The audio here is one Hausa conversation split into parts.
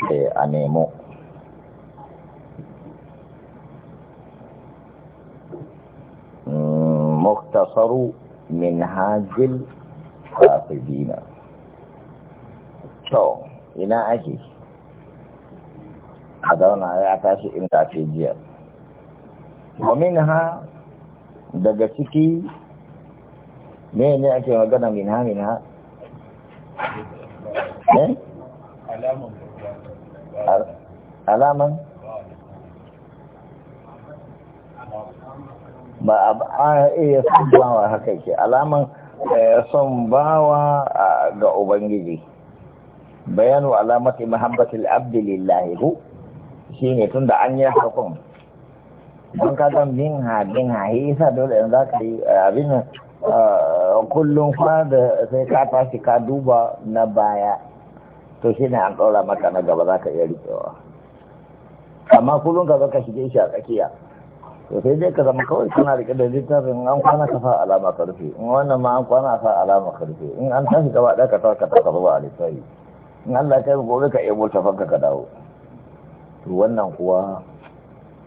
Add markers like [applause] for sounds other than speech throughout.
sai eh, a nemo mm, muktasaru min hajjil kafidina to ina ake a zauna ya tashi in tafi jiya min ha daga ciki ne ne ake magana min ha min ha eh alamun alaman ba a iya son bawa haka ke alaman eh, son bawa ga ubangiji bayanu alamati mahabbatil abdi lillahi hu shine tunda an yi hakan? don ka zan bin ha bin ha "Yi isa dole yanzu za ka yi eh, abin eh, kullum kuma da sai ka tashi ka duba na baya to shi ne an ɗora maka na gaba za ka iya riƙewa amma kullum ka zo ka shige shi a tsakiya to sai dai ka zama kawai kana riƙe da littafin an kwana ka sa alama karfe. in wannan ma an kwana sa alama karfe. in an tashi gaba ɗaya ka tarka ta zuba a littafi in Allah kai gobe ka ebo ta fanka ka dawo to wannan kuwa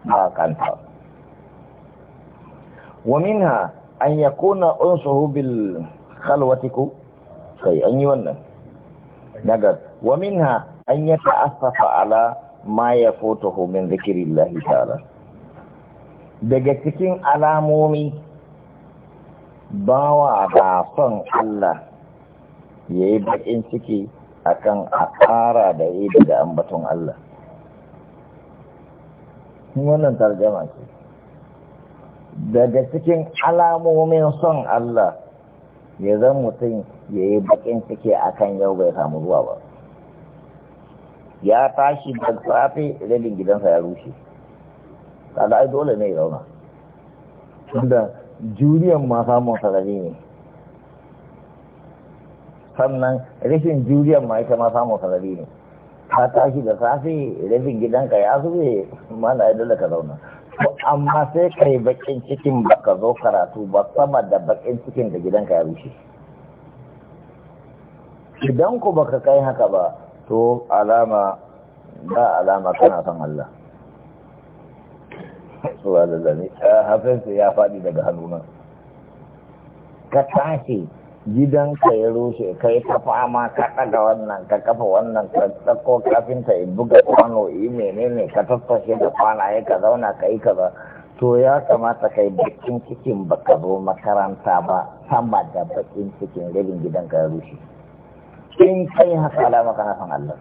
ba kanta wa minha an yakuna unsuhu bil khalwatiku sai an yi wannan daga wa minha an yi ta'assafa ala ma ya fotahu min zikirillahi ta'ala daga cikin alamomi bawa ba son Allah ya yi bakin ciki akan a ƙara da yi daga ambaton Allah wannan tarjama ce daga cikin alamomin son Allah ya zan mutum ya yi bakin ciki akan yau bai samu zuwa ba ya tashi da safe rabin gidansa ya rushe kaga ai dole ne ya zauna tunda juriyan ma samun sarari ne sannan rashin juriyan ma ita ma samun sarari ne ka tashi da safe rabin gidanka ya zube mana ai dole ka zauna amma sai ka yi bakin cikin baka zo karatu ba sama da bakin cikin da gidanka ya rushe idan ku baka kai haka ba to alama ba alama kana san Allah su da zane eh, hafinsu ya faɗi daga hannuna ka tashi gidanka ya rushe ka fama ka ɗaga wannan ka kafa wannan ka ɗauko kafinta ya buga kwano yi menene ka tattashe da ya ka zauna ka yi kaza to ya kamata ka yi bakin cikin ba ka zo makaranta ba sama da bakin cikin rabin gidanka ya rushe in kai haka alama kana san Allah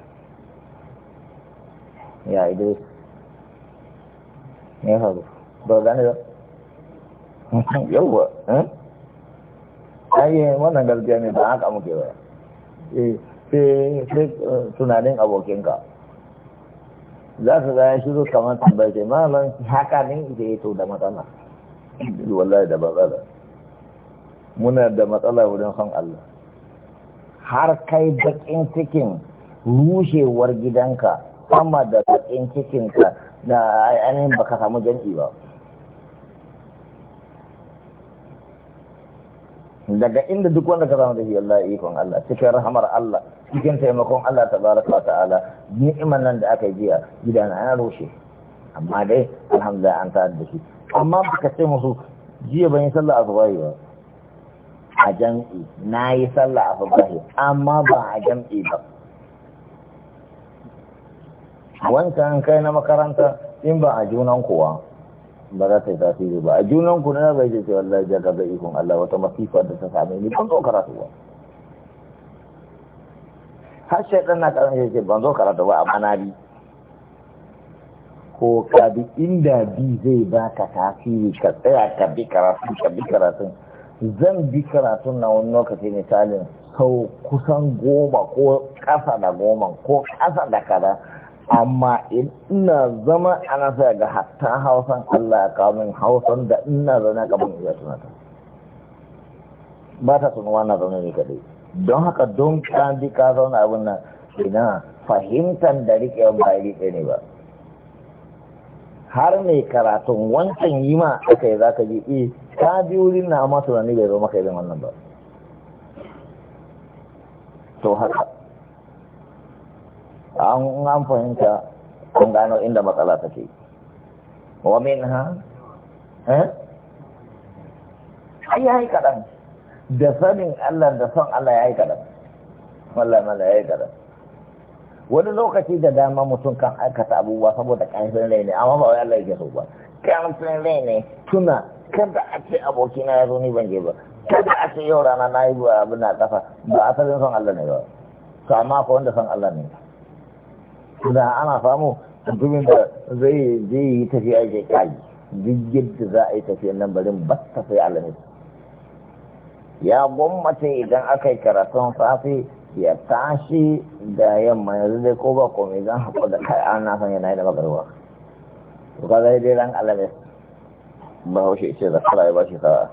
ya Idris ne haru ba gane ba [laughs] yawwa eh ayi wannan gaskiya ne ba haka muke ba eh, sai eh, tunanin abokinka za su zaya shiru kamar tambaye ce malam haka ne ita ya to da matsala wallahi da matsala muna da matsala wurin son Allah har kai bakin cikin rushewar gidanka sama da bakin cikinka da ainihin baka samu jan'i ba daga inda duk wanda ka zama da Allah ikon Allah cikin rahamar Allah cikin taimakon Allah tabaraka wa ta'ala ni'imar nan da aka yi jiya gidana ya rushe amma dai alhamdulillah an ta da shi amma ka ce musu jiya ban yi sallah azwayi ba a jam'i na yi sallah azwayi amma ba a jam'i ba wancan kai na makaranta in ba a junan kowa ba za ta yi tasiri ba a junan ku na bai ce wallahi ya ka ga ikon Allah wata masifa da ta same ni ban zo karatu ba har shaidan na karanta ce ban zo karatu ba amma na bi ko ka bi inda bi zai baka tasiri ka tsaya ka bi karatu ka bi karatu zan bi karatun na wani lokaci misalin sau kusan goma ko ƙasa da goma ko ƙasa da kada amma ina zama a nasa ga hatta hausan Allah ya kawo min hausan da ina zaune gaban iya tunata ba ta tunuwa na zaune ne kadai don haka don ka bi ka zauna abin nan ina fahimtar da riƙe ba ya ne ba har mai karatun wancan yi ma aka yi za ka ji e ka bi wurin na amma tunani bai zo maka irin wannan ba to haka an fahimta kun gano inda matsala take wa min ha eh? ai ai yi da sanin Allah da son Allah ya yi kaɗan wallahi ma ya yi wani lokaci da dama mutum kan aikata abubuwa saboda ƙarfin rai ne amma ba wai Allah yake so ba ƙarfin rai ne tuna kada a ce abokina ya zo ni ban je ba kada a ce yau rana na yi abin na kafa ba asalin son Allah ne ba to amma ko wanda son Allah ne da ana samu mutumin da zai je yi tafiya ya kai duk yadda za a yi tafiya nan barin ba ta sai alamis ya gwammace idan aka yi karatun safe ya tashi da yamma yanzu zai ko ba komai zan haƙo da kai an na san yana da magarwa to ka zai dai ran alamis ba haushe ce da kala ya ba shi ka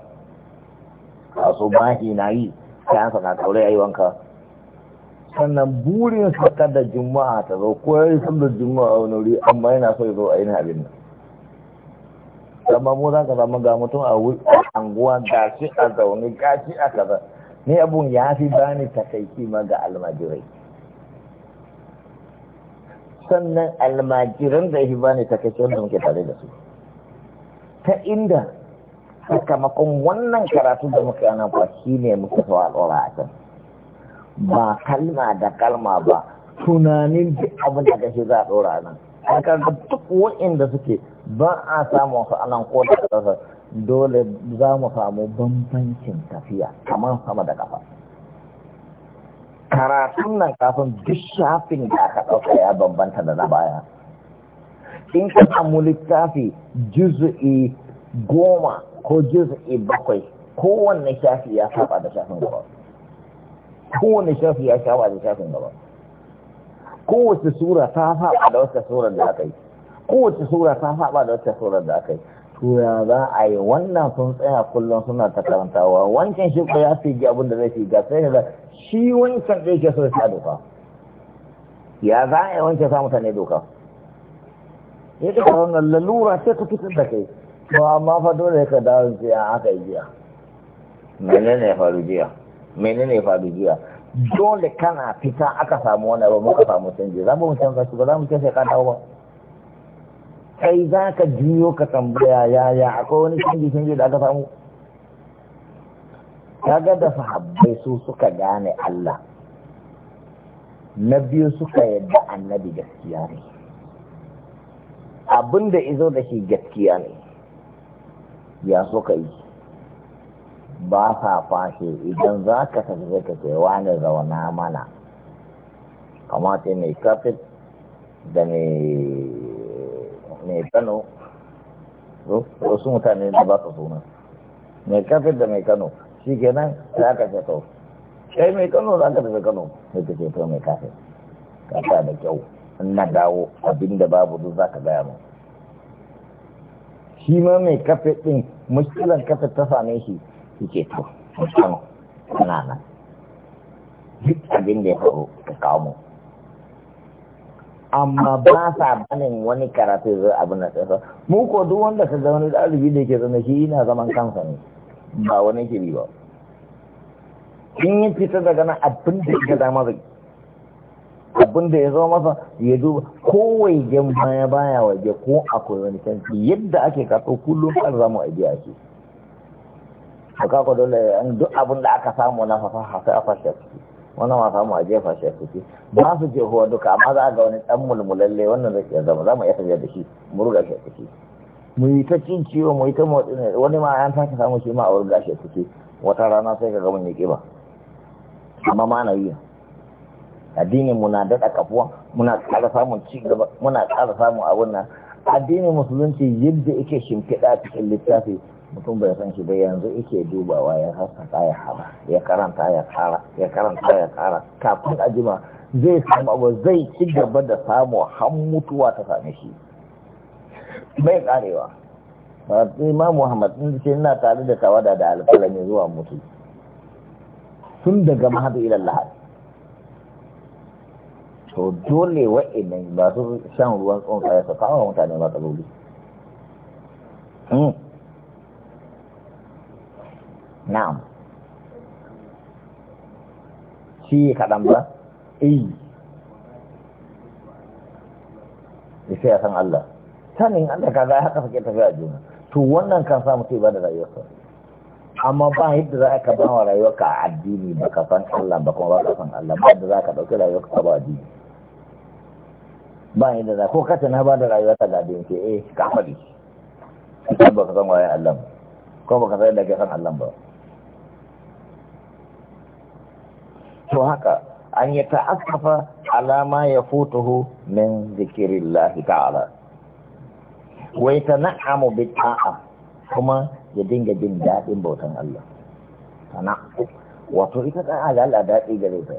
a bahi na yi sai na sana kaure ya yi wanka sannan burin sa da juma'a ta zo ko yayi sallar juma'a a wani wuri amma yana so ya zo a yin abin nan amma mu za ka zama ga mutum a anguwa shi a zaune shi a kaza ni abun ya fi bani takaici ma ga almajirai sannan almajiran da ya fi bani takaici wanda muke tare da su ta inda sakamakon wannan karatu da muka yana kwa shi ne muka sawa a tsora a ba kalma da kalma ba tunanin duk abin da kake za a ɗora nan an da duk waɗanda suke ba a samun su anan ko da ƙasa dole za mu samu bambancin tafiya kamar sama da kafa karatun nan kafin duk shafin da aka ɗauka ya bambanta da na baya in ka samu littafi juzu'i goma ko juzu'i bakwai kowanne shafi ya saba da shafin gaba kowane shafi ya sha da shafin gaba kowace sura ta faɓa da wata surar da aka yi kowace sura ta faɓa da wata surar da aka yi to ya za a yi wannan sun tsaya kullum suna ta karantawa wancan shi ya fi ji abin da zai fi ga sai da shi wancan da ke so ya sha doka ya za a yi wancan sa mutane doka ya ɗi karon na lalura sai ka fitar da kai to amma fa dole ka dawo jiya aka yi jiya menene ya faru jiya menene jiya? dole kana fita aka samu wani abu muka samu canje za mu canza shi ba za mu ce sai ka dawo ba kai za ka jiyo ka tambaya ya ya akwai wani canji canji da aka samu kaga da sahabbai su suka gane Allah na biyu suka yadda annabi gaskiya ne abin da izo da shi gaskiya ne ya so ka yi ba sa fashe idan za ka sarfe ka ce wani zauna mana kamata mai kafin da mai kano wasu mutane da ba su suna mai kafin da mai kano shi kenan za ka ce to kai mai kano za ka tafi kano sai ka ce mai kafin kasa da kyau in na dawo abinda babu duk za ka gaya mu shi ma mai kafe din muskilan kafe ta same shi suke to musamman ana nan duk abin da ya faru ka kawo mu amma ba sa banin wani karatu zai abin da tsasa mu ko duk wanda ka ga wani ɗalibi da ke zama shi yana zaman kansa ne ba wani ke ba in yi fita daga nan da ya dama zai ya zama masa ya duba ko wajen baya baya waje ko akwai wani canci yadda ake karɓo kullum kan zamu ajiya to ka dole duk abin da aka samu na fasaha sai a fashe ciki wannan ma samu a jefa shi a ciki ba su je huwa duka amma za a ga wani dan mulmulalle wannan zai iya zama za mu iya tafiya da shi mu ruga shi a ciki mu yi ta cin ciwo mu yi ta motsi ne wani ma an sake samu shi ma a ruga shi a ciki wata rana sai ka ga mun yi kiba amma ma na yi addinin mu na daɗa kafuwa muna ƙara samun ci gaba muna ƙara samun abun nan addinin musulunci yadda yake shimfiɗa cikin littafi mutum bai san shi ba yanzu yake dubawa ya haskaka ya hara ya karanta ya kara ya karanta ya kara kafin ajima zai samu abu zai ci gaba da samu har mutuwa ta same shi bai karewa imam muhammad din ce ina tare da tawada da alƙalami zuwa mutu tun daga mahadu ila lahad to dole wa'annan ba su shan ruwan tsuntsaye su kawo mutane matsaloli hmm. na'am Si kaɗan ba eh sai san Allah sanin Allah ka za haka suke tafiya juna to wannan kan sa mutum ba da rayuwarsa amma ba yadda za ka ba wa rayuwarka a addini ba ka san Allah ba kuma ba ka san Allah ba yadda za ka ɗauki rayuwarka ba addini ba yadda za ko kace na ba da rayuwarka da addini eh ka faɗi ba ka san waye Allah ba ko ba ka san da ke san Allah ba to haka an yi askafa alama ya futuhu min zikirillahi ta'ala wai ta na'amu bi ta'a kuma ya dinga jin daɗin bautan Allah sana wato ita kan ala daɗi gare ta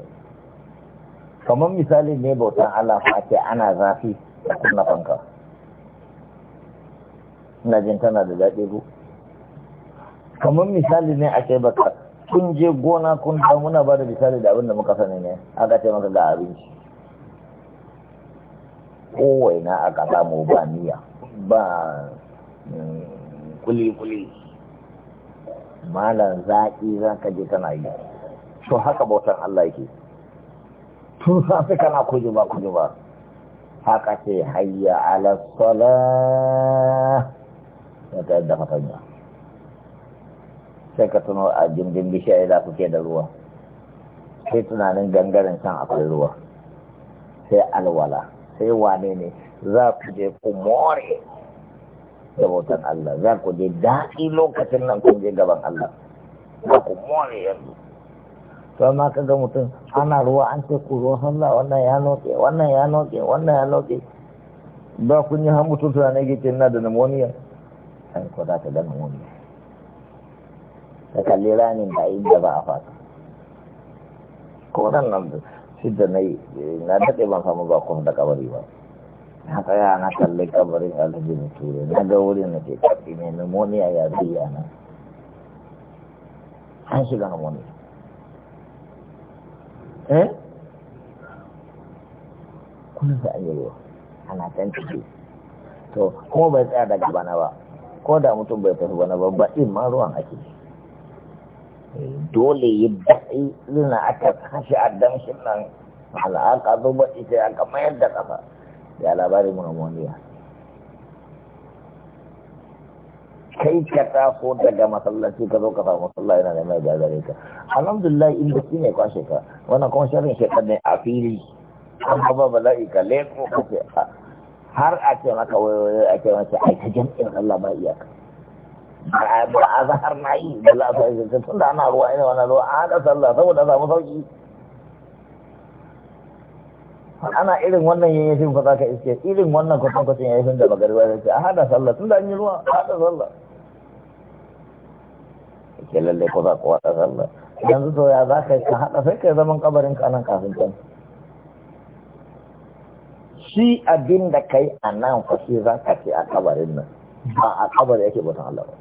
kamar misali ne bautan Allah fa ake ana zafi da kunna fanka na jin tana da daɗi ko kamar misali ne ake baka kun je gona kun da muna ba da misali da abinda muka sani ne aka ce maka ga abinci kowai na aka samu ba niya ba mm, kuli-kuli malar zaƙi za ka je kana yi to haka bautan Allah yake tun safi kana kuji ba kuji ba haka ce hayya ala sala ya ta yadda fatanya sai ka tuno a gindin bishiya da kuke da ruwa sai tunanin gangaren can akwai ruwa sai alwala sai wane ne za ku je ku more da bautan Allah za ku je daɗi lokacin nan kun je gaban Allah za ku more yanzu to amma ka ga mutum ana ruwa an ce ku zo sallah wannan ya noke wannan ya noke wannan ya noke ba kun yi har tunanin gicin na da pneumonia an kwada ta da pneumonia da kalli ranin da inda ba a fata ko nan nan shidda na yi na daɗe ban samu ba kuma da kabari ba na tsaya na kalli kabarin alhaji na turai na ga wurin na ke kaɗi ne pneumonia ya biya na an shiga pneumonia eh kullum da an yi ruwa ana can ciki to kuma bai tsaya da bana ba ko da mutum bai tafi ba ba in ma ruwan ake shi dole ya daɗi na aka kashe damshin nan al'aka ba ita ka mayar da ƙasa ya labarin mamoniya kai ka taso daga masallaci ka zo ka samu masallaci yana da mai gagare ka alhamdulillah in da ne kwashe ka wannan kuma sharrin shekar ne a fili an ba bala'i ka leko kace ah. har a ce maka wayoyi a ce maka ai ta jam'in Allah ba iyaka ba a zahar na yi da lafiyar jirgin tun da ana ruwa ina wani ruwa a haɗa sallah saboda samu sauƙi, ana irin wannan yayyafin ba za ka iske irin wannan kwatankwacin yashin da magariba da ce a haɗa sallah tun da an yi ruwa a haɗa sallah ke lalle ko za ku haɗa sallah yanzu to ya za ka yi ka haɗa sai ka zaman kabarin ka nan kafin can shi abin da kai a nan fa shi za ka ce a kabarin nan ba a kabar yake bautan Allah ba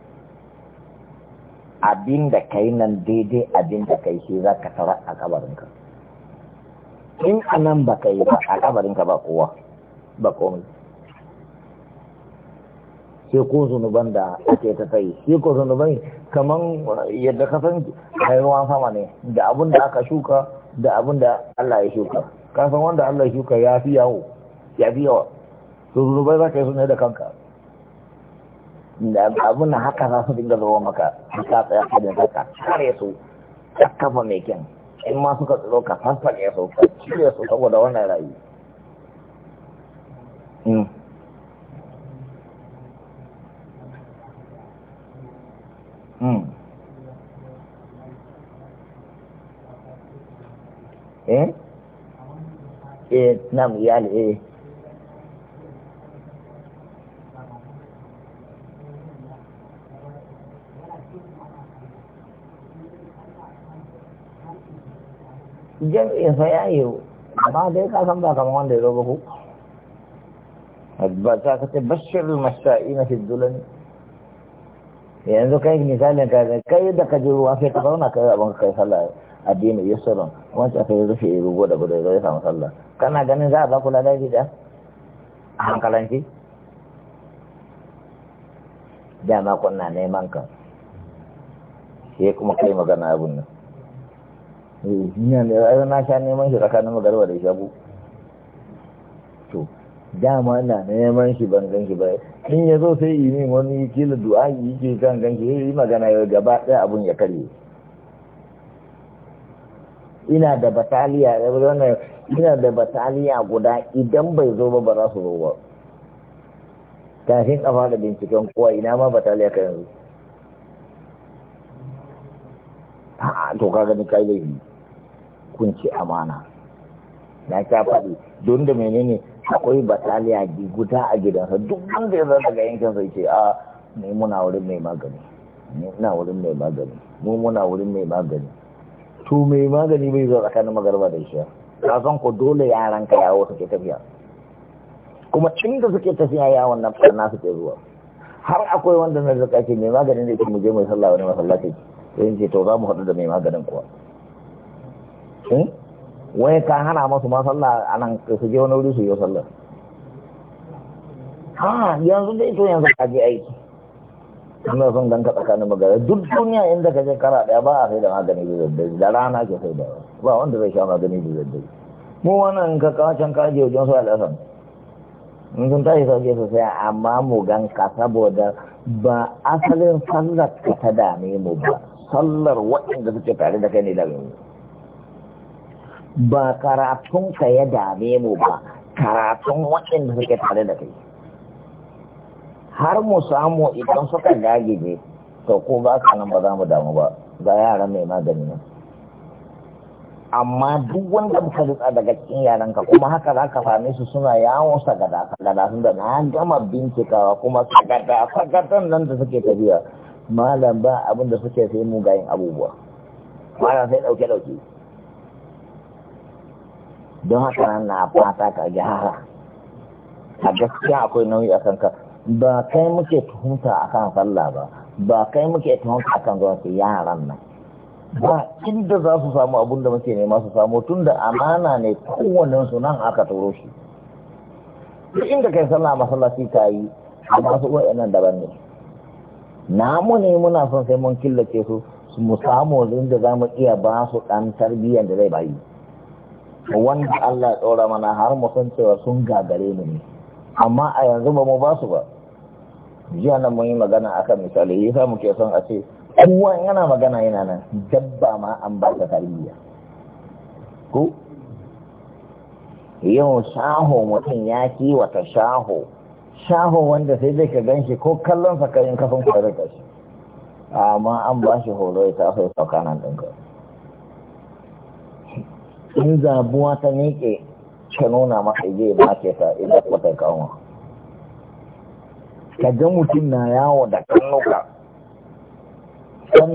abin da ka yi nan daidai abin da ka yi shi za ka tara a kabarinka in a nan ba ka yi ba a kabarinka ba kowa ba komai sai ko zunuban da ake ta tsaye sai ko zunuban kamar yadda ka san rayuwa sama ne da abin da aka shuka da abin da Allah ya shuka kasan wanda Allah ya shuka ya fi yawo ya fi yawa zunubai za ka yi sun ne da kanka abun da haka za su dinga zuwa maka ta tsaya ka da zaka kare su ta kafa mai kyan in ma suka tsoro ka fasfake su ka cire su saboda wannan rayu hmm. hmm. Eh? Eh, nam iyali eh. jam'in sa ya yiwu amma dai ka san ba kamar wanda ya zo ba ku ba za ka ce bashir masha'i fi dulan yanzu kai misalin ka kai da ka ji ruwa sai ka zauna kai abin kai sallah addini yusrun wancan sai rufe rugo da gudu zai samu sallah kana ganin za a ba ku ladabi da a hankalanci dama kunna neman ka sai kuma kai magana abun nan eh ina ne ai sha neman shi tsakanin magarwa da shabu to dama na neman shi ban gan shi ba in ya zo sai yi min wani kila du'a yi ke kan gan shi eh, yi magana ya gaba ɗaya abun ya karye ina da bataliya eh, ina guda idan bai zo ba ba za su zo ba kafin a da binciken kowa ina ma bataliya ka yanzu to ka gani kai laifi kun ce amana na ka faɗi don da menene akwai bataliya guda a gidansa duk wanda ya zan daga yankin sai ce a ah, ni muna wurin mai magani ni muna wurin mai magani mu muna wurin mai magani to mai magani bai zo tsakanin magarba da shi ka san ko dole yaran ka yawo suke tafiya kuma da suke tafiya yawon nan na suke zuwa har akwai wanda na zaka ce mai magani ne ke mu je mai sallah wani masallaci sai ce to za mu haɗu da mai maganin kuwa hmm? wai ka hana masu ma sallah a nan su je wani wuri su yi sallah ha yanzu dai to yanzu ka je aiki ina son ganka tsakanin magana duk duniya inda ka je kara daya ba a sai da magani da daddare da rana ke sai da ba wanda zai sha magani da daddare mu wannan ka kawacan ka je wajen su al'asan in sun tashi sauke su sai amma mu ganka saboda ba asalin sallar ka ta dame mu ba sallar waɗanda suke tare da kai ne dame mu ba karatun ka ya dame mu ba karatun waɗanda suke tare da kai har mu samu idan suka gagije to ko ba ka nan ba za mu damu ba ga yara mai magani ne. amma duk wanda muka rutsa daga cikin yaran ka kuma haka za ka same su suna yawon sagada sagada sun da na gama bincikawa kuma sagada sagadan nan da suke tafiya malam ba abin da suke sai mugayen abubuwa malam sai dauke dauke don haka nan na fata ka gyara a gaskiya akwai nauyi a kanka ba kai muke tuhunta akan sallah ba ba kai muke tuhunta akan zuwa yaran nan ba inda za su samu abun da muke nema su samu tun da amana ne kowanne su aka turo shi duk inda kai sallah masallaci ka yi amma su wa'annan daban ne namu ne muna son sai mun killace su su mu samu inda za mu iya ba su ɗan tarbiyyar da zai bayi wanda Allah ya ɗora mana har mu san cewa sun gagare mu ne amma a yanzu ba mu ba su ba jiya nan mun yi magana akan misali yasa muke son a ce Kuwa yana magana yana nan dabba ma an ba ta tarbiyya ko yau shaho mutum ya kiwata shaho shaho wanda sai zai ka ganshi ko kallon sa kafin kwarar da shi amma an ba shi horo ya tafi sauka nan ɗin ka in zabuwa ta miƙe ka nuna masa je ba ke ta ina kwatar kawo ka ga mutum na yawo da kannuka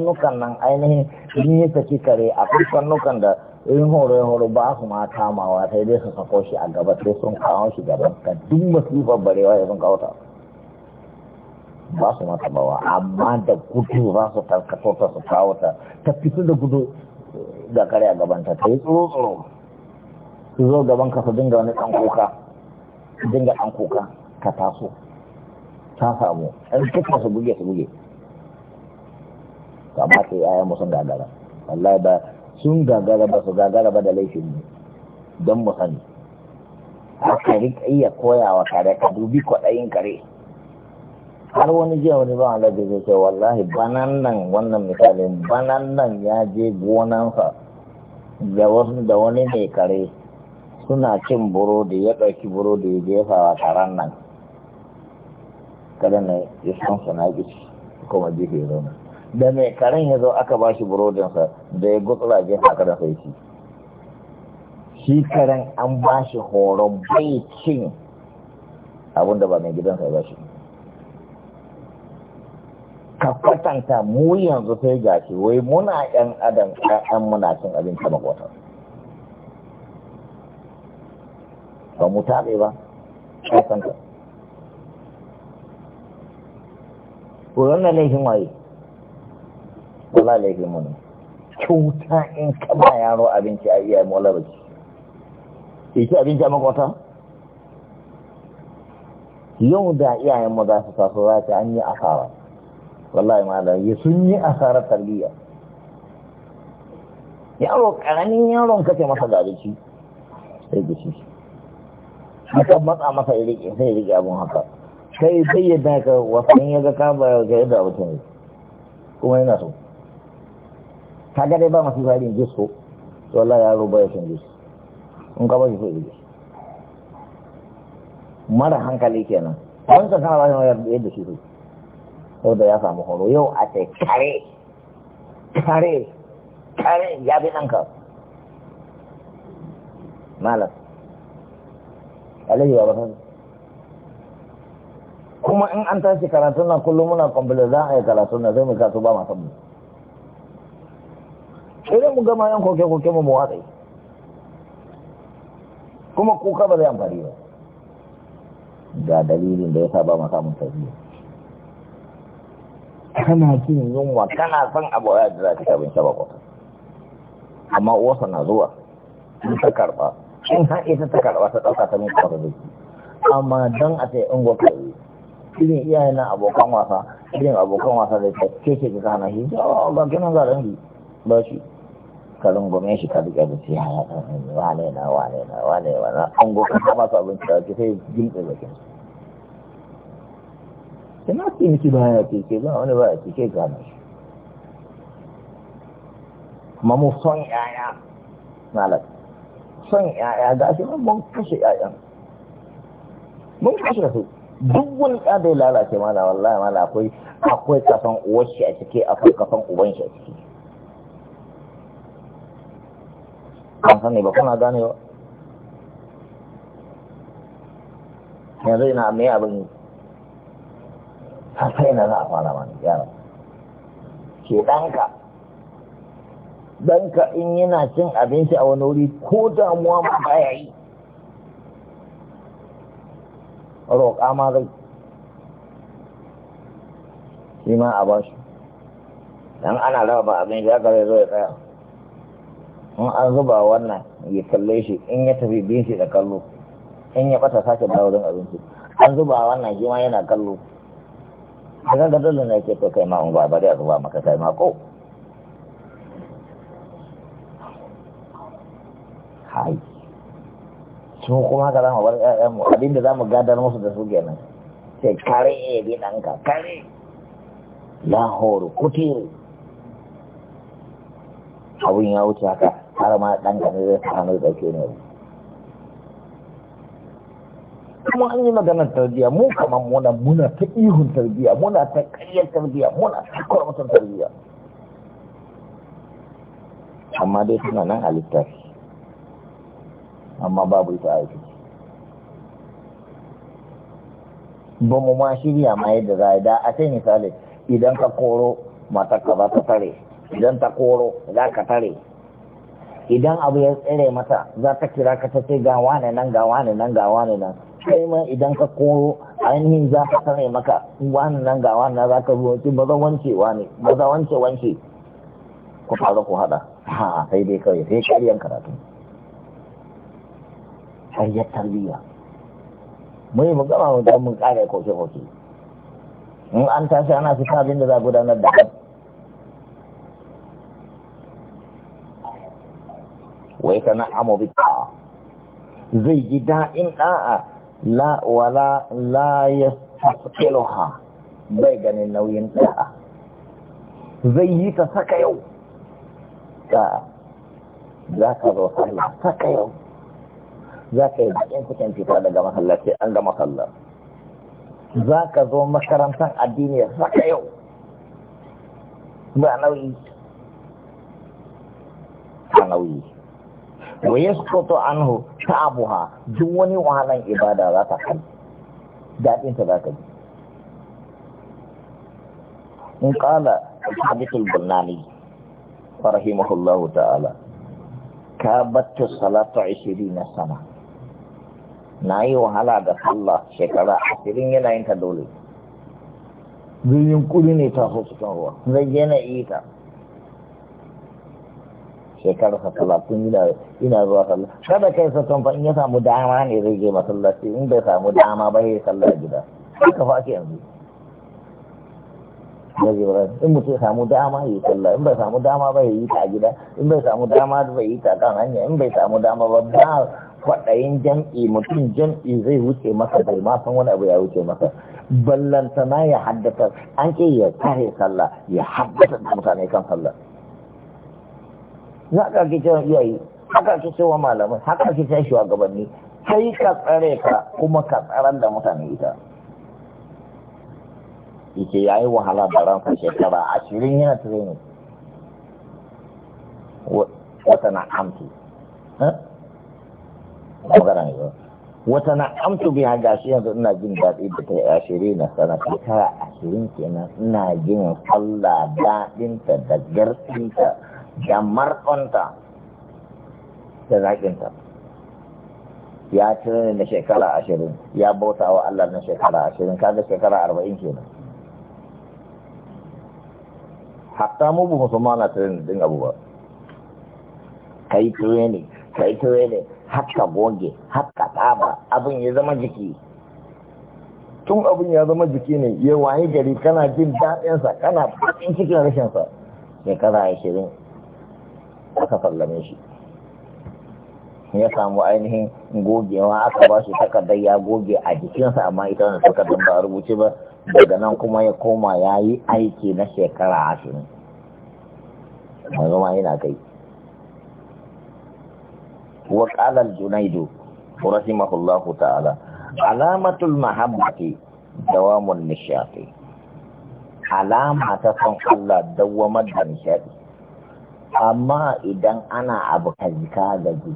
karnukan nan ainihin yin yi saki kare a kan karnukan da in horo-horo ba su ma kamawa sai dai su sako shi a gaba sai sun kawo shi gaban ka duk masifar barewa ya sun kawo ta ba su ma tabawa amma da gudu za su tarkato ta su kawo ta ta fito da gudu da kare a gabanta ta yi tsoro su zo gaban ka su dinga wani ɗan kuka dinga ɗan kuka ka taso ta samu ɗan kuka su buge su buge kamata yayan mu sun gagara wallahi ba sun gagara ba su gagara ba da laifin ne don mu sani haka rika iya koyawa kare ka dubi kwaɗayin kare har wani jiya wani ba wanda zai ce wallahi banan nan wannan misalin banan nan ya je gonansa da wasu da wani mai kare suna cin burodi ya ɗauki burodi ya jefa wa taron nan kada na yi sun sana gici kuma jihe zauna da mai karen ya zo aka ba shi burodinsa da ya gutsura je haka da sai shi shi karen an ba shi horon bai cin abin da ba mai gidansa ba shi ka kwatanta mu yanzu sai gashi wai muna yan adam ɗan muna cin abinci makwata ba mu taɓe ba kwatanta ko wannan laifin waye Allah ya mu ne kyauta in ka ba yaro abinci a iya mu wala baki ke ci abinci a makwata yau da iyayen mu za su taso za ta an yi asara wallahi malam ya sun yi asara tarbiyya yaro karamin yaron kace masa abinci, sai da shi haka matsa masa ya rike sai ya rike abun haka sai sai ya daga wasan ya ga ka ba ga yadda mutum kuma yana so kaga dai ba masu zari in jisko to Allah ya ruba ya san jisko in ka ba shi sai jisko mara hankali kenan ka kana ba shi yadda shi sai da ya samu horo yau a ce kare kare kare ya bi ka Malas. alayhi wa kuma in an tashi karatun nan kullum muna kwambila za a yi karatun nan zai mu kasu ba masu mu sai mu gama yan koke koke mu mu watsai kuma kuka ba zai amfani ba ga dalilin da ya sa ba mu samun tafiya kana jin yunwa kana son abu ya da za ka abin sha amma uwarsa na zuwa in ta karba in har ita ta karba ta ɗauka ta minka wata zai amma don a sai in gwaka yi irin iyayen na abokan wasa irin abokan wasa da ta ke ke ka hana shi ba ga kinan zaren ba shi Karin gome shi ka rike da shi haya ɗan wane na wane na wane wane an gobe ta masu abinci da ke sai jimɗe bakin su na ce miki baya ce ke ba wani baya ce ke gane shi kuma mu son yaya malak son yaya ga shi mun kashe yaya mun kashe su duk wani ɗa da ya lalace mala wallahi mala akwai akwai kafan uwar shi a ciki akwai kafan uban shi a ciki ban sani ba kuna ba? yanzu ina mai abin yi sai na za a fara mani yara ke ɗanka ɗanka in yana cin abinci a wani wuri ko damuwa ma ya yi roƙa ma zai shi ma a ba shi dan ana raba abin shi aka zai zo ya tsaya in an zuba wannan ya kalle shi in ya tafi bin shi da kallo in ya bata sake dawo don abinci an zuba wannan shi ma yana kallo daga ga dole ne ke to kai ma ba bari a zuba maka kai ma ko hai su kuma ka zama bar ƴaƴan mu abinda za mu gadar musu da su kenan sai kare ya eh, bi ɗanka kare lahoro kutiri abin ya wuce haka har ma ne gane zai da ke ne kuma an yi maganar tarbiyya mu kamar muna muna ta ihun tarbiyya muna ta ƙaryar tarbiyya muna ta kwarmatar tarbiyya amma dai suna nan a amma babu ita aiki ba mu ma shirya ma yadda za a yi, da a sai misali idan ka koro mata ka za ta tare idan ta koro za ka tare idan abu ya tsere mata za ta kira ka ta ce ga wane nan ga wane nan ga wane nan kai ma idan ka koro ainihin za ka tsare maka wane nan ga wane nan za ka zuwa ki ba za wance wane ba za wance wance ku faru ku hada, ha sai dai kawai sai kariyan karatu ayyar tarbiyya mai magana mu dan mun kare koke koke in an tashi ana fita abin da za gudanar da ويتنعم بالطاعة زي جداء طاعة آه، لا ولا لا يستثقلها بيغن النوين طاعة زي تسكيو كا ذاك ذو صلى سكيو ذاك يبقين سكين في طالة مسلسة عند مسلسة ذاك ذو مكرم مكرمتا الدين يسكيو معنوي معنوي wa yasqutu anhu ta'abuha duk wani wahalan ibada za ta kai dadin ta za ta ji in qala hadith al-bunani rahimahullahu ta'ala ka batta salatu 20 sana na yi wahala da sallah shekara ashirin yana yin ta dole zai yunkuri ne ta so cikin ruwa zai yana iya ta shekararsa talatin ina ina zuwa sallah kada kai sa fa in ya samu dama ne zai je masallaci in bai samu dama ba ya sallah gida haka fa ake yanzu in mutum ya samu dama ya yi sallah in bai samu dama ba ya yi ta gida in bai samu dama ba ya yi ta kan hanya in bai samu dama ba ba kwaɗayin jam'i mutum jam'i zai wuce masa bai ma san wani abu ya wuce masa ballantana ya haddata an ce ya kare sallah ya haddata mutane kan sallah za ka ake cewa iyaye haka ake cewa malamai haka ake cewa shugabanni sai ka tsare ka kuma ka tsaran da mutane ita yake ya yi wahala da ransa shekara ashirin yana training wata na amtu magana ne wata na amtu bi ha gashi yanzu ina jin daɗi da ta ashirin na sana shekara ashirin kenan ina jin sallah daɗinta da garɗinta da markonta da zaƙinta ya cire da shekara ashirin ya bauta wa Allah na shekara ashirin kada shekara arba'in kenan hatta mu bu musulman na cire din dinga kai cire ne kai cire ne hatta goge hatta taba abin ya zama jiki tun abin ya zama jiki ne ya waye gari kana jin daɗinsa kana fatin cikin rashinsa shekara ashirin aka sallame shi ya samu ainihin gogewa aka ba shi takardar ya goge a jikinsa amma ita wanda takardar ba a rubuce ba daga nan kuma ya koma ya yi aiki na shekara ashirin a zama yana kai wa ƙalar junaidu rahimahullahu ta'ala alamatul mahabbati dawamun nishafi alama ta san Allah dawamar da nishafi amma idan ana abu ka ji gaji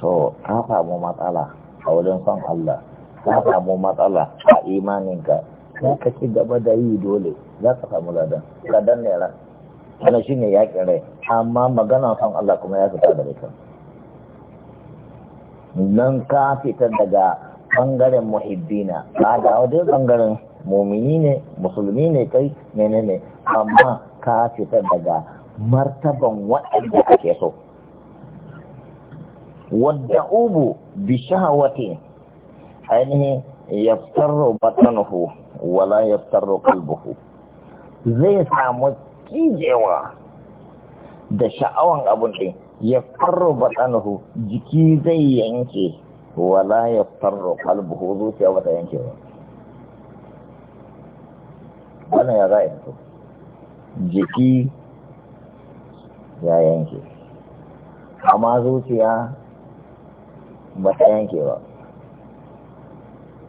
to ka samu matsala a wurin son Allah ka samu matsala a imaninka sai ka ci gaba da yi dole za ka samu ladan ladan ne ran wannan shine yaƙin rai amma magana son Allah kuma ya fita da ita nan ka fita daga bangaren muhibbina ba da wajen bangaren mumini ne musulmi ne kai ne, amma ka fita daga martaban waɗanda ake so wadda ubu bi shahawati ainihin yaftarru batanuhu wala yaftarru qalbuhu zai samu kijewa da sha'awan abun din yaftarru batanuhu jiki zai yanke wala yaftarru qalbuhu zuciya bata yanke ba wannan ya za'a jiki ya yanke amma zuciya ba ta yanke ba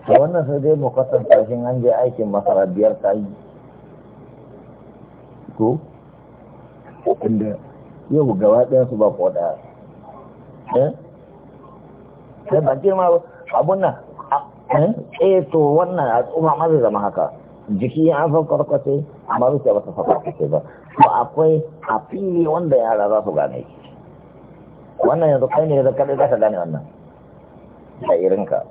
ta wannan sai dai mu kasanta shi an je aikin masara biyar ta yi ko inda yau gaba su ba ko ɗaya eh sai eh, ba girma abun nan eh, eh to wannan al'umma tsoma mazai zama haka jiki an san kwarkwace amma zuciya ba ta fa kwarkwace ba to akwai a fili wanda yara za su gane shi wannan yanzu kai ne da kaɗai za ka gane wannan a irinka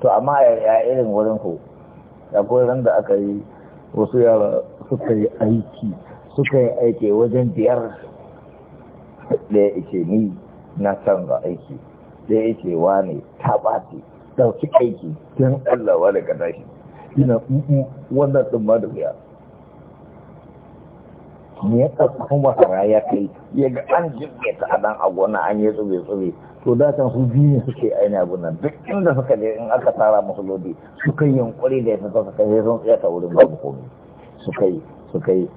to amma a irin wurin ku a ran da aka yi wasu yara suka yi aiki suka yi aiki wajen biyar ya ike ni na san ga aiki ya ike wa ne ta ɓace ɗauki aiki don Allah wani ka tashi ina mm, mm, wannan ɗin ma da wuya me ya tsakafin masara ya kai ya ga an jirge ta a dan agona an yi tsube tsube to da su biyu suke aini abu nan duk inda suka je in aka tara musu lodi suka yi yankuri da ya fita suka sai sun tsaya ta wurin babu komai suka yi suka yi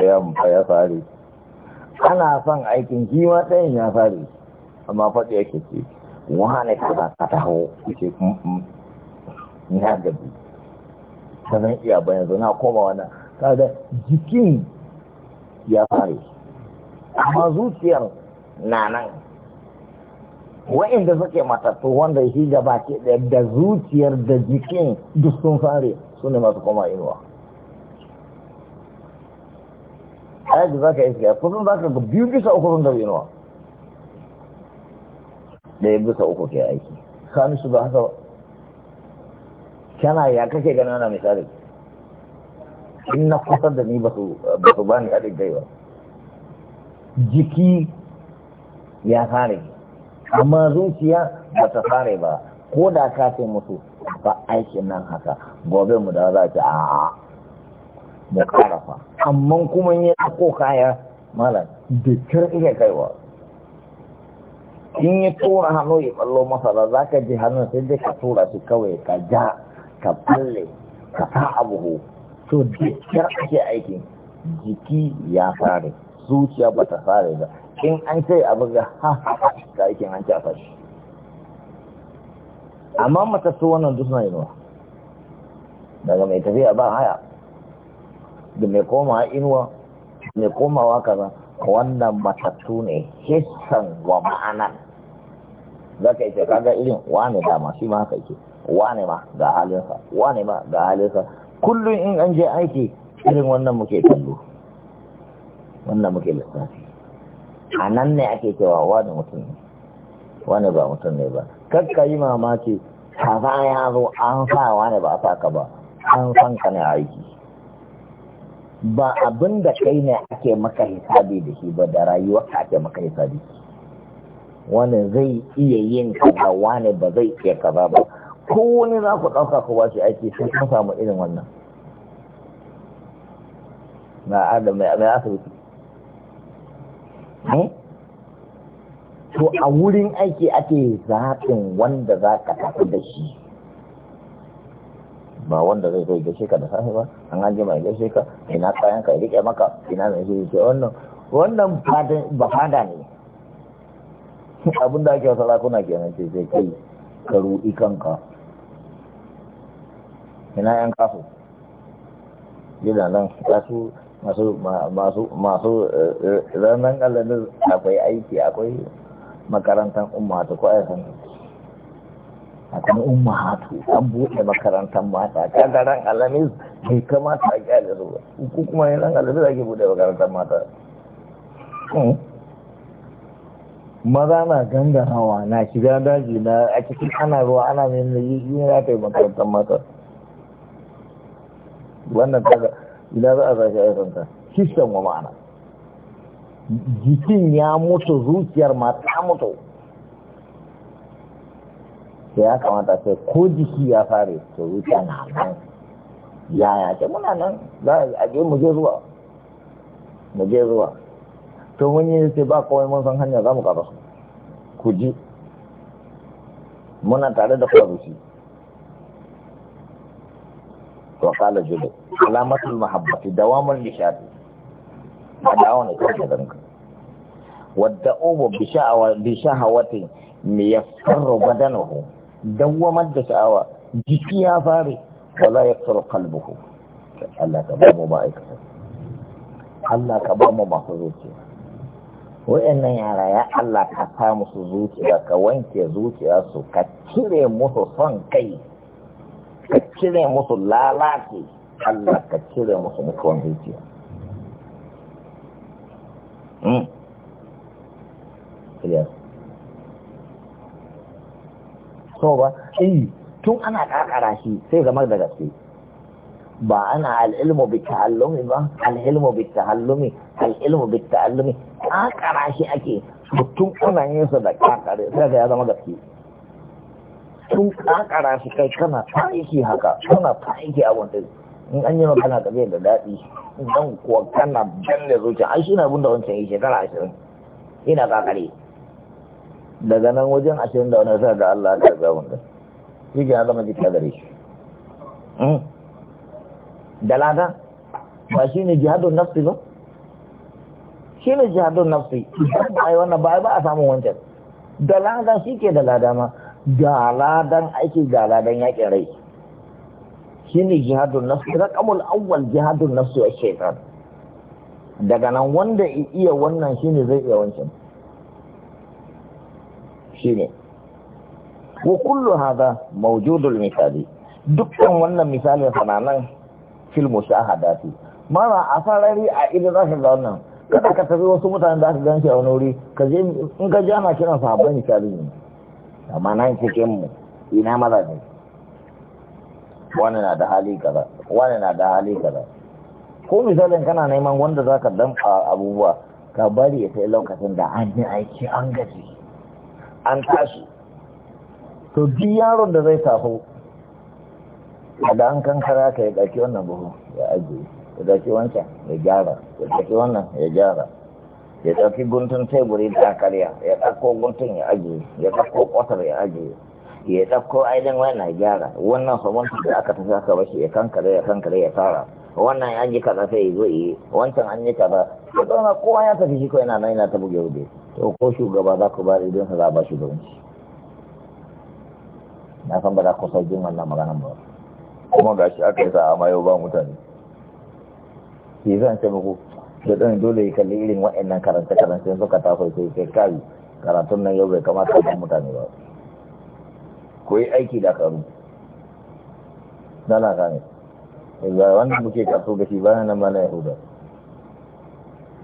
ya fare ana son aikin shi ma ɗayan ya fare amma faɗi yake ce wani kaza ka taho ce mm, mm. na gabi sanan iya bayan zana koma wannan kaga jikin ya fare amma zuciyar na nan wa'inda suke matattu wanda shi baki ɗaya da zuciyar da jikin duk sun fare su ne masu koma inuwa ayat da za ka iska kusan za ka biyu bisa uku sun gaba inuwa ɗaya bisa uku ke aiki kanu su ba haka ba kana ya kake ganin wannan misali in na kusa da ni ba su ba ni haɗin gaiwa jiki ya fare amma zuciya ba ta fare ba ko da ka ce musu ba aikin nan haka gobe mu da za ta a mu karafa amma kuma ya ko kaya malam da kyar iya kaiwa in yi tura hannu ya ballo masara za ka ji hannun sai dai ka tura shi kawai ka ja ka falle ka sa abu. to dukkan ake aikin jiki ya fare zuciya ba ta fare ba in an ce abin ga ha ga aikin an kyafa shi amma matattu wannan duk na inuwa daga mai tafiya ba haya da mai koma inuwa mai komawa kaza wannan matattu ne hissan wa ma'anan za ka yi kaga irin wane dama shi ma haka yake wane ma ga halinsa wane ma ga halinsa kullum in an je aiki irin wannan muke kallo wannan muke lissafi a nan ne ake cewa wani mutum ne wani ba mutum ne ba kakka yi mamaki kaza ya zo an sa wani ba sa ka ba an san ka ne aiki ba abin da kai ne ake maka hisabi da shi ba da rayuwa ka ake maka hisabi wani zai iya yin kaza wani ba zai iya kaza ba ko wani za ku ɗauka ku ba shi aiki sun kan samu irin wannan na adam mai asibiti hmm? to a wurin aiki ake zaɓin wanda za ka tafi da shi ba wanda zai zo gaishe ka da safe ba an an jima gaishe ka ina kayan ka rike maka ina mai zai ce wannan wannan ba fada ne abin da ake wasa ke nan ce sai kai ka ruɗi kanka ina yan kafu gida nan kasu masu masu masu eh, ranar alamin akwai aiki akwai makarantar umma ummatu ko kan akwai hatu an buɗe makarantar mata kaga ran alamin bai kamata a kyale su ba ko kuma ran alamin ake buɗe makarantar mata hmm. maza na gangarawa na shiga daji na a cikin ana ruwa ana mai yi yi na taimakon makarantar mata wannan kaga ina za a zaki aikanta hissan wa ma'ana jikin ya mutu zuciyar ma ta mutu ya kamata sai ko jiki ya fare to zuciya na nan ya ce muna nan za a je mu je zuwa mu je zuwa to mun yi ce ba kawai mun san hanya za mu kaba ku ji muna tare da kwazuci وقال جلو علامة المحبة دوام النشاط أدعون إتاك ذنك والدؤوب بشهوة يفتر بدنه دوما الدشاوة جسيا فاري ولا يكثر قلبه الله كبام ما يكثر Allah ka ba mu wa'annan yara ya Allah ka sa musu zuciya ka wanke zuciya su ka cire musu son kai ka cire musu lalace Allah ka cire musu mutuwan zuciya hmm? so ba eh tun ana kakara shi sai zama da gaske ba ana al'ilmu bi ta'allumi ba al'ilmu bi ta'allumi al'ilmu bi ta'allumi kakara shi ake tun ana sa da kakare sai ga ya zama gaske sun kakara su kai kana ta aiki haka kana ta aiki a wanda in an yi magana ka zai da daɗi dan kuwa kana danne zuciya ai shine abin da wancan yi shekara ashirin ina kakare daga nan wajen ashirin da wani sa ga Allah ka ga wanda shi ke zama jika gare shi hmm? da lada ba shi ne jihadun nafsi ba shi ne jihadun nafsi ba a yi wannan ba ba a samun wancan da lada shi ke da lada ma Gala don aiki gala don yaƙin rai shi ne jihadun nafsu raƙamul awwal jihadun nasu a shaitan daga nan wanda iya wannan shi ne zai iya wancan shi ne wa kullu hada mawjudul misali dukkan wannan misalin sananan fil mushahadati mara a sarari a idan za ka wannan kada ka tafi wasu mutane da aka gan shi a wani wuri ka je in ga ji kiran sahabbai misali ne amma nan cikin mu ina maza ne wani na da hali kaza wani na da hali kaza ko misalin kana neman wanda za ka damfa abubuwa ka bari ya sai lokacin da an yi aiki an gaji an tashi to duk yaron da zai taho da an kankara ka ya ɗauki wannan buhu ya ajiye ya ɗauki wancan ya gyara ya ɗauki wannan ya gyara ya ɗauki guntun teburi da akariya ya ɗauko guntun ya ajiye ya ɗauko ƙwatar ya ajiye ya ɗauko ainihin na gyara wannan sabonta da aka tafi aka bashi ya kankare ya kankare ya tara wannan an yi kaza sai zo yi wancan an yi kaza ya zauna kowa ya tafi shi ko yana nan yana ta buge buge to ko shugaba za ku ba don sa za ba shi gwamnati na san ba za ku sauƙin wannan maganan ba kuma gashi aka yi sa'a ma yau ba mutane ke zan ce muku shaitan dole ya kalli irin wa'annan karanta karanta suka ka sai sai kai karatun nan yau bai kamata ga mutane ba ko yi aiki da karu dana gane ga wanda muke karatu ga shi bayan nan mana yahuda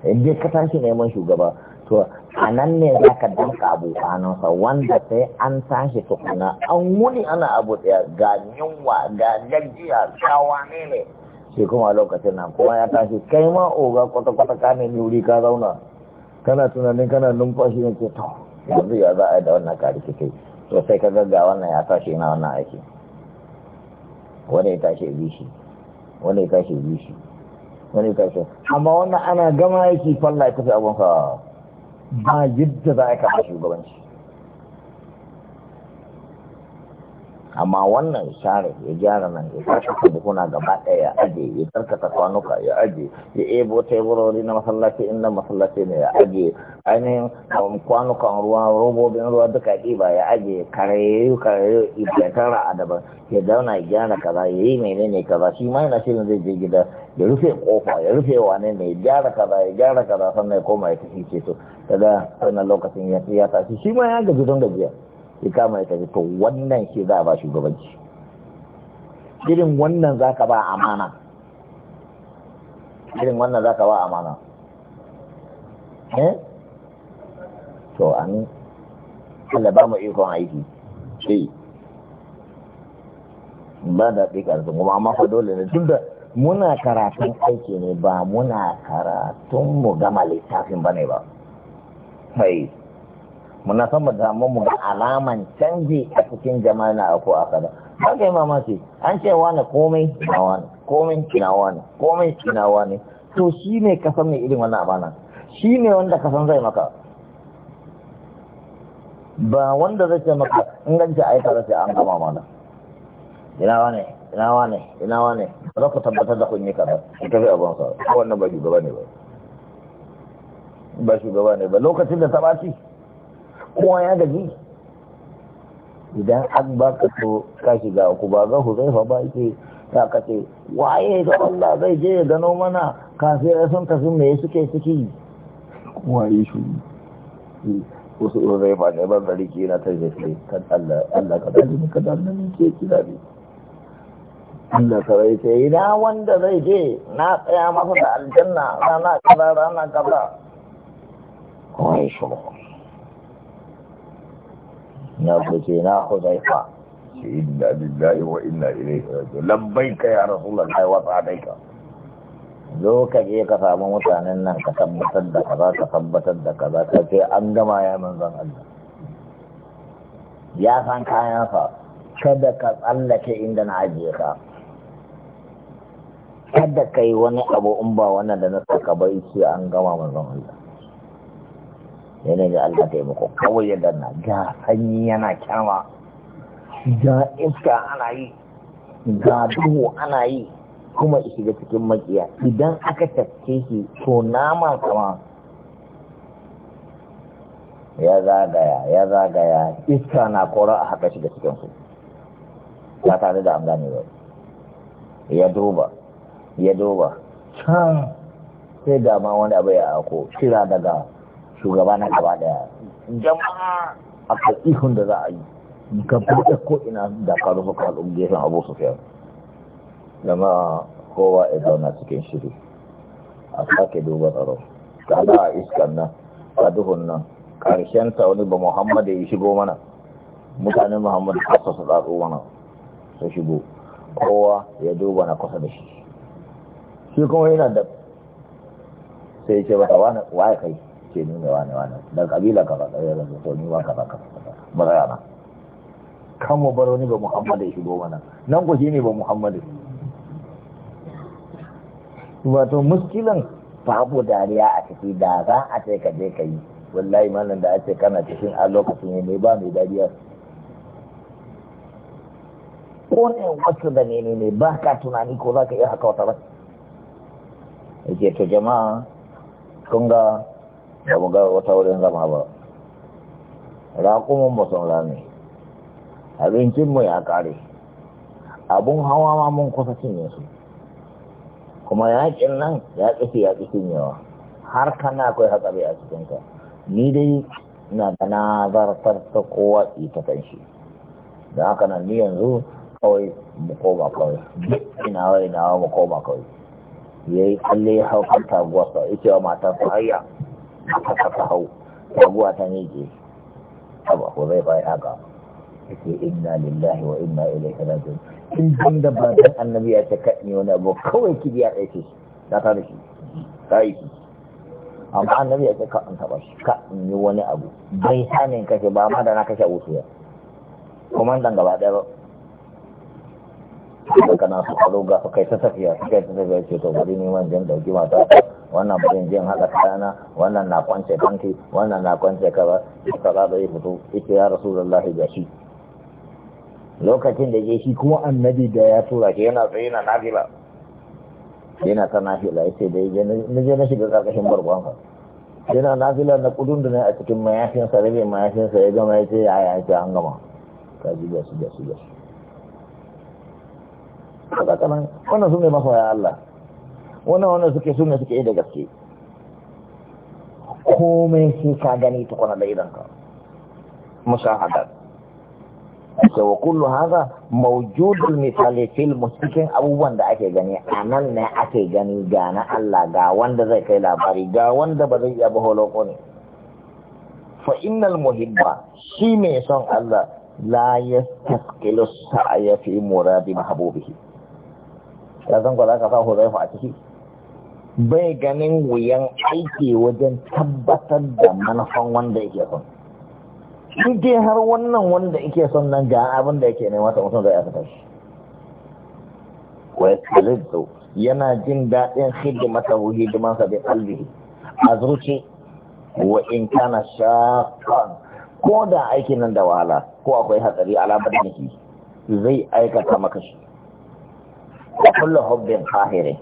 in dai ka tashi neman shugaba to a nan ne za ka danka abokanansa wanda sai an tashi tukuna an wuni ana abu daya ga yunwa ga gajiya kawane wane ne shi kuma lokacin nan kuma ya tashi kai ma oga kwata-kwata ka ne wuri ka zauna kana tunanin kana numfashi ne ke to yanzu ya za a yi da wannan kari kai to sai ka gaggawa wannan ya tashi na wannan aiki wani ya tashi bi shi wani ya tashi bi shi wani ya tashi amma wannan ana gama aiki falla ya tafi abin fa ba yadda za a kama shugabanci amma wannan share ya gyara nan ya karkata buhuna gaba ɗaya ya aje ya karkata kwanuka ya aje ya ebo teburori na masallaci inda masallaci ne ya aje ainihin um, kwanukan ruwa robobin ruwa duka ɗiba ya aje karayayu karayayu ibetara a daban ya zauna ya gyara kaza ya yi menene kaza shi ma yana shirin zai je gida ya rufe kofa ya rufe wane ne ya gyara kaza ya gyara kaza sannan ya koma ya tafi ceto kaga wannan lokacin ya tashi shi ma ya gaji don gajiya ya kama ya tafi to wannan shi za a ba shugabanci irin wannan za ka ba amana irin wannan za ka ba amana eh to an Allah ba mu ikon aiki ce ba da ɗiƙar sun kuma amma fa dole ne tun da muna karatun aiki ne ba muna karatun mu gama littafin ba ne ba. Hai, muna san mu damu mu ga alaman canji a cikin jama'a na ako a kada ba kai mamaki an ce wani komai na wani komai kina wani komai kina wani to shi ne ka san irin wannan abana shi ne wanda ka san zai maka ba wanda zai ce maka in a yi tare sai an gama mana ina wani ina wani ina wani za ku tabbatar da kun yi kaza ku tafi abin sa wannan ba shugaba ne ba ba shugaba ne ba lokacin da ta ba kowa ya gaji idan an ba ka so ka shiga ku ba ga fa ba ke ta ka ce waye ga Allah zai je ya gano mana kafin ya san tafi me suke ciki kuma yi shi wasu huzaifa ne ban gari ke na ta ce kan Allah Allah ka dali ne ka dali ne ke kira ne Allah ka rai ce ina wanda zai je na tsaya masa da aljanna rana kaza rana kaza waye shi na kuce na huzaifa ce inna lillahi wa inna ilaihi raji'un labbaika ya rasulullahi wa sa'adaika zo ka je ka samu mutanen nan ka tabbatar da kaza ka tabbatar da kaza ka ce an gama ya manzon Allah ya san kayansa kada ka tsallake inda na ajiye ka kada ka yi wani abu in ba wannan da na saka bai ce an gama manzon Allah yanayi Allah yi muku kawai yadda na ga sanyi yana kyama ga iska ana yi ga duhu ana yi kuma shiga cikin makiya idan aka tafke shi to nama kama ya zagaya ya zagaya iska na kora a haka shiga cikin su ba tare da an gane ba ya duba ya duba can sai dama wani abu ya ako kira daga shugaba na gaba da jama'a a ihun da za a yi ga da ko ina da karu maka al'um gefen abu sufiyar jama'a kowa ya zauna cikin shiri a sake duba tsaro da a iskan nan a duhun nan karshen ta wani ba muhammad ya shigo mana mutane muhammad kasa su tsaro mana su shigo kowa ya duba na kusa da shi shi kuma yana da sai ce ba ta wani waye kai ke ni ne wane wane da kabila kaza da ya zama to ni wa kaza kaza ba za na kan mu baro ni ba muhammadu ya shigo mana nan ku shine ba muhammadu wato muskilan babu dariya a ciki da za a ce ka je ka yi wallahi malam da ake kana cikin a lokacin ne ba mai dariya ko ne wasu da ne ne ba ka tunani ko za ka iya haka wata ba yake to jama'a kun ga ya mu ga wata wurin zama ba raƙumin ba sun rame abincinmu ya ƙare abun hawa ma mun kusa cinye su kuma yaƙin nan ya ƙafi ya ƙi cinyewa har kana kai hatsari a cikinka ni dai na da nazartar ta kowa ita kan shi da haka nan ni yanzu kawai mu koma kawai ina wai nawa mu koma kawai yayi tsalle hau kan taguwa ita wa matar sa haka haka hau raguwa ta ne ke. abu ko zai bayan haka yake inna lillahi wa inna ilaihi rajiun in dan da ba dan annabi ya ta kadni wani abu kawai kibiya ɗaya ce na ta da shi ta yi amma annabi ya ce ka an taɓa shi ka in yi wani abu bai sanin kashe ba ma da na kashe abu su ya kuma dan gaba ɗaya ba daga na su kwalo ga su kai ta tafiya su kai ta tafiya ce to bari man jan dauki mata wannan bayan jin haɗa kayana wannan na kwance kanki wannan na kwance kaza ita za zai fito ita ya rasulullah ga shi lokacin da ya shi kuma annabi da ya tura shi yana tsaye na nafila yana ta nafila ce da ya na je na shiga karkashin barbansa yana nafila na kudun da ne a cikin mayafinsa rabe mayafinsa ya gama ya ce ya ya ce an gama ka ji gasu gasu gasu kaga kanan wannan su ne masoya Allah wannan wani suke suna suke da gaske komai su ka gani tukuna da idanka musahadar sai wa kullu haza mawjudul misali fil cikin abubuwan da ake gani a nan ne ake gani ga na Allah ga wanda zai kai labari ga wanda ba zai iya ba holoko ne fa innal muhibba shi mai son Allah la yastaqilu sa'ya fi muradi mahbubihi lazan zaka za ka sa huzaifa a ciki bai ganin wuyan aiki wajen tabbatar da manufan wanda yake son shi dai har wannan wanda yake son nan ga abin da yake nema ta mutum zai ya fita shi wai yana jin daɗin hidimata hidimansa da kalbi a zuci wa in kana shaqan ko da aiki nan da wahala ko akwai hatsari alamar da zai aikata maka shi kullu hubbin qahirin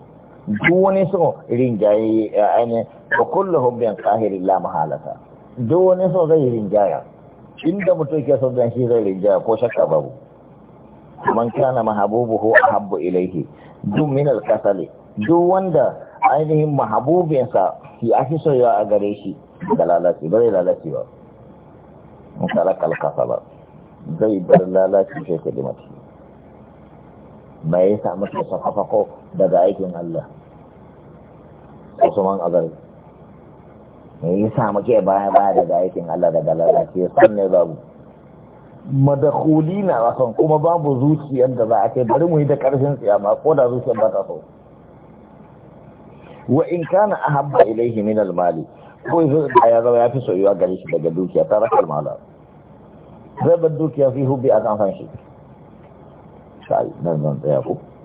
duk wani so rinjaye eh, ainihin wa kulla hubbin qahiri lamu halata duk wani so zai rinjaya inda mutum ke son zan shi zai rinjaya ko shakka babu man kana a habbu ilaihi. duk min al duk wanda ainihin mahabubinsa a fi yawa a gare shi da lalaci ba zai lalaci ba mutalaka kalkasa ba zai bar lalaci sai kudi mace mai yasa mutum ko daga aikin Allah Usman Azari me yasa muke baya baya daga aikin Allah daga lalace san ne babu madakhuli na wasan kuma babu zuciyar da za a kai bari mu yi da karfin tsiyama ko da zuciyar ba ta so wa in kana ahabba ilayhi min al-mali ko yanzu da ya zama ya fi soyuwa gare shi daga dukiya ta rakar mala zai bar dukiya fi hubbi a kan fanshi sai nan zan tsaya ko